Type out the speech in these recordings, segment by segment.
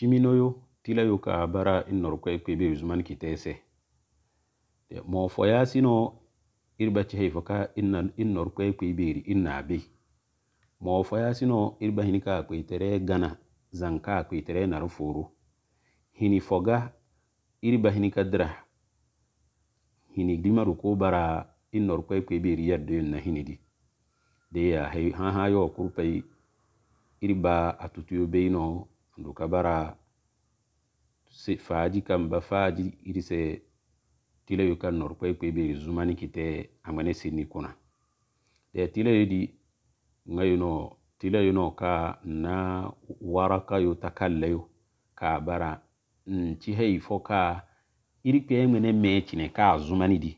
ciminoyo tilayo ka bara in norkoy ko be usman ki tese de mo foya sino irba ci hay foka inna in norkoy ko be ri inna be mo foya sino irba hin ka ko itere gana zanka ko itere na rufuru hini foga irba hin ka dra hini glima ruko bara in norkoy ko be ri yaddo na hini di de ya hay ha ha yo kurpay irba atutuyo beino duka bara faji kamba faji irise tilayu kan nor kwe kwe be zumani kite amane sini kuna de tilayu di ngayuno tilayu no ka na waraka yu takallayo ka bara nci hei fo ka iri kwe mene mechine ka zumani di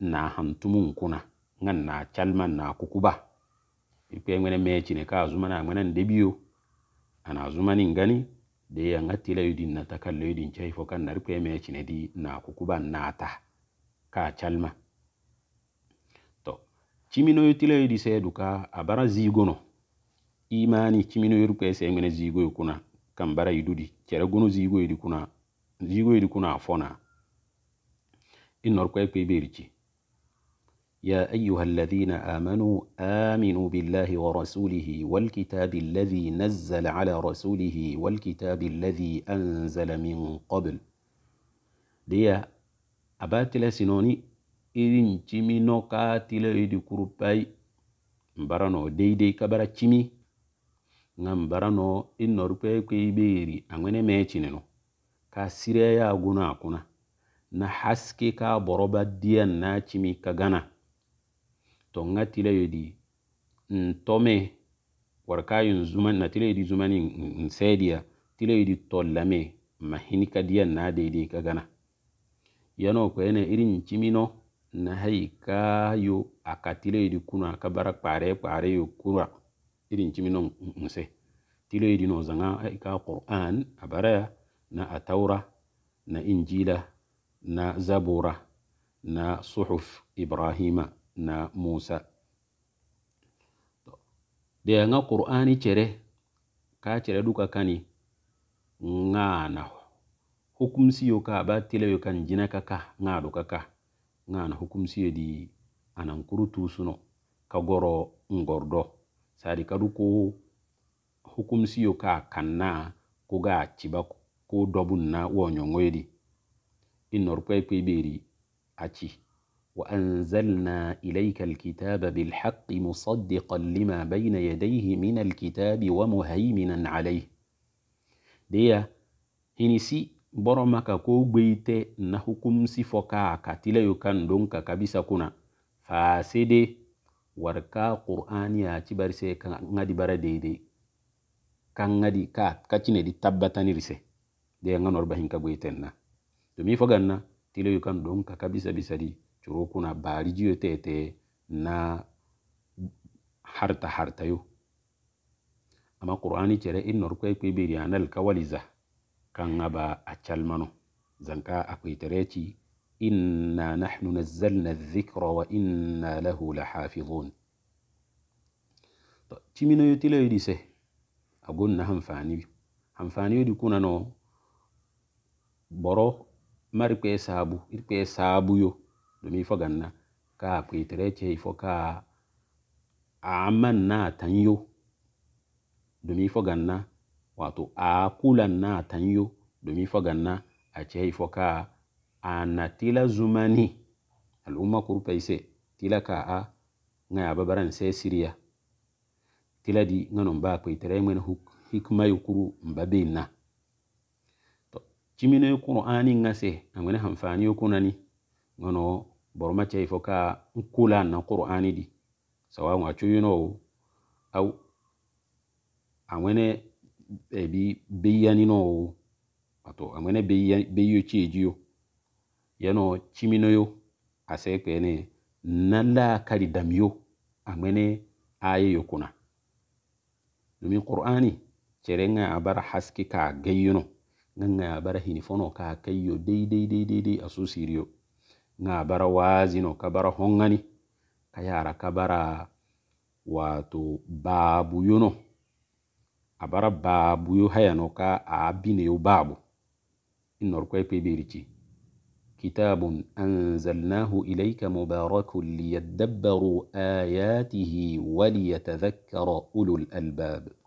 na hantumu kuna ngan na calman na kukuba iri kwe mene mechine ka zumana ngana ndebiyo ana zumani ngani de anga tila yudin nata kallo yudin chai fokan nar peme chine di na kukuba nata ka chalma to chimino yutila yudi se duka abara zigono imani chimino yuru pese ngene zigo yukuna kambara yududi chere gono zigo yudi kuna zigo yudi kuna afona inor kwe pe berichi يا أيها الذين آمنوا آمنوا بالله ورسوله والكتاب الذي نزل على رسوله والكتاب الذي أنزل من قبل ديا أباتل سنوني إذن جمي نوكا إذن كروباي مبارانو دي دي كبرا جمي نمبارانو إن نورباي كي بيري أمين ميتينو كاسيريا يا غنا كنا نحسكي كا بروبا ديا ناچمي كغانا tonga tile yodi ntome warkayin zuman na tile yodi ni nsediya tile yodi tolame mahini kadia na daidai ka gana yano ko ene irin chimino na haika kayo akatile yodi kuna ka pare pare yo kura irin chimino nse tile yodi no zanga ka qur'an abara na ataura na injila na zabura na suhuf ibrahima na Musa. da nga qur'ani cere ka cere duka kani na hukum siyo ka ba tile yo kan jina kaka ka kaka na hukum siyo di anan kurutu suno ka goro ngordo sadi kadu ko hukum siyo ka kanna ko ga ciba ko dobun na wonyo ngoyedi inor pepe beri aci وأنزلنا إليك الكتاب بالحق مصدقا لما بين يديه من الكتاب ومهيمنا عليه ديا هنسي boromaka ko gbeite na hukum sifoka katila yukan donka kabisa kuna fasede warka qur'ani ya ci barise kan ngadi bara dede kan ngadi ka kacine di tabbatani rise de nganor bahin ka gbeiten na to mi foganna tilo yukan donka kabisa bisadi coro kuna baarijiyo tete na harta harta hartayo amma qur'ani cere in norko e kpeberi anal kawaliza kanga ba accalmano zanka akuitereci inna nahnu nazzalna dhikra wa inna lahu lahafidhun to ciminoyo tilayoɗi se a gonna hanfaniyo kuna no, boro mari kpe sabu, ir sabu saabuyo ɗum ifo ganna ka pitrece ifo ka aman na tanyo ɗum ifo ganna wato akulan na tanyo ɗum ifo ganna ace ifo ka ana tila zumani al'umma kurpa ise tila ka a ga yababaran se siriya tila di ga non ba pitre mwen hikma yukuru mbabena to cimino yukuru ani ga se agwene hamfani yukunani gono boroma chei foka nkula na qur'ani di sawa achu yi know au wane ebi wato a wane amwene beyo chejiyo yano chimino yo ase kwene nalla kali damyo amwene aye yokuna domin qur'ani cere nga abara haske ka gayyuno nga a abara hinifono ka kayyo dai dai dai dai a su siriyo nga bara wazino kabara hongani kayara kabara watu babu yuno abara babu yu hayano ka abine yu babu baabu inorkwe peberici كتاب أنزلناه إليك مبارك ليدبروا آياته وليتذكر أولو الألباب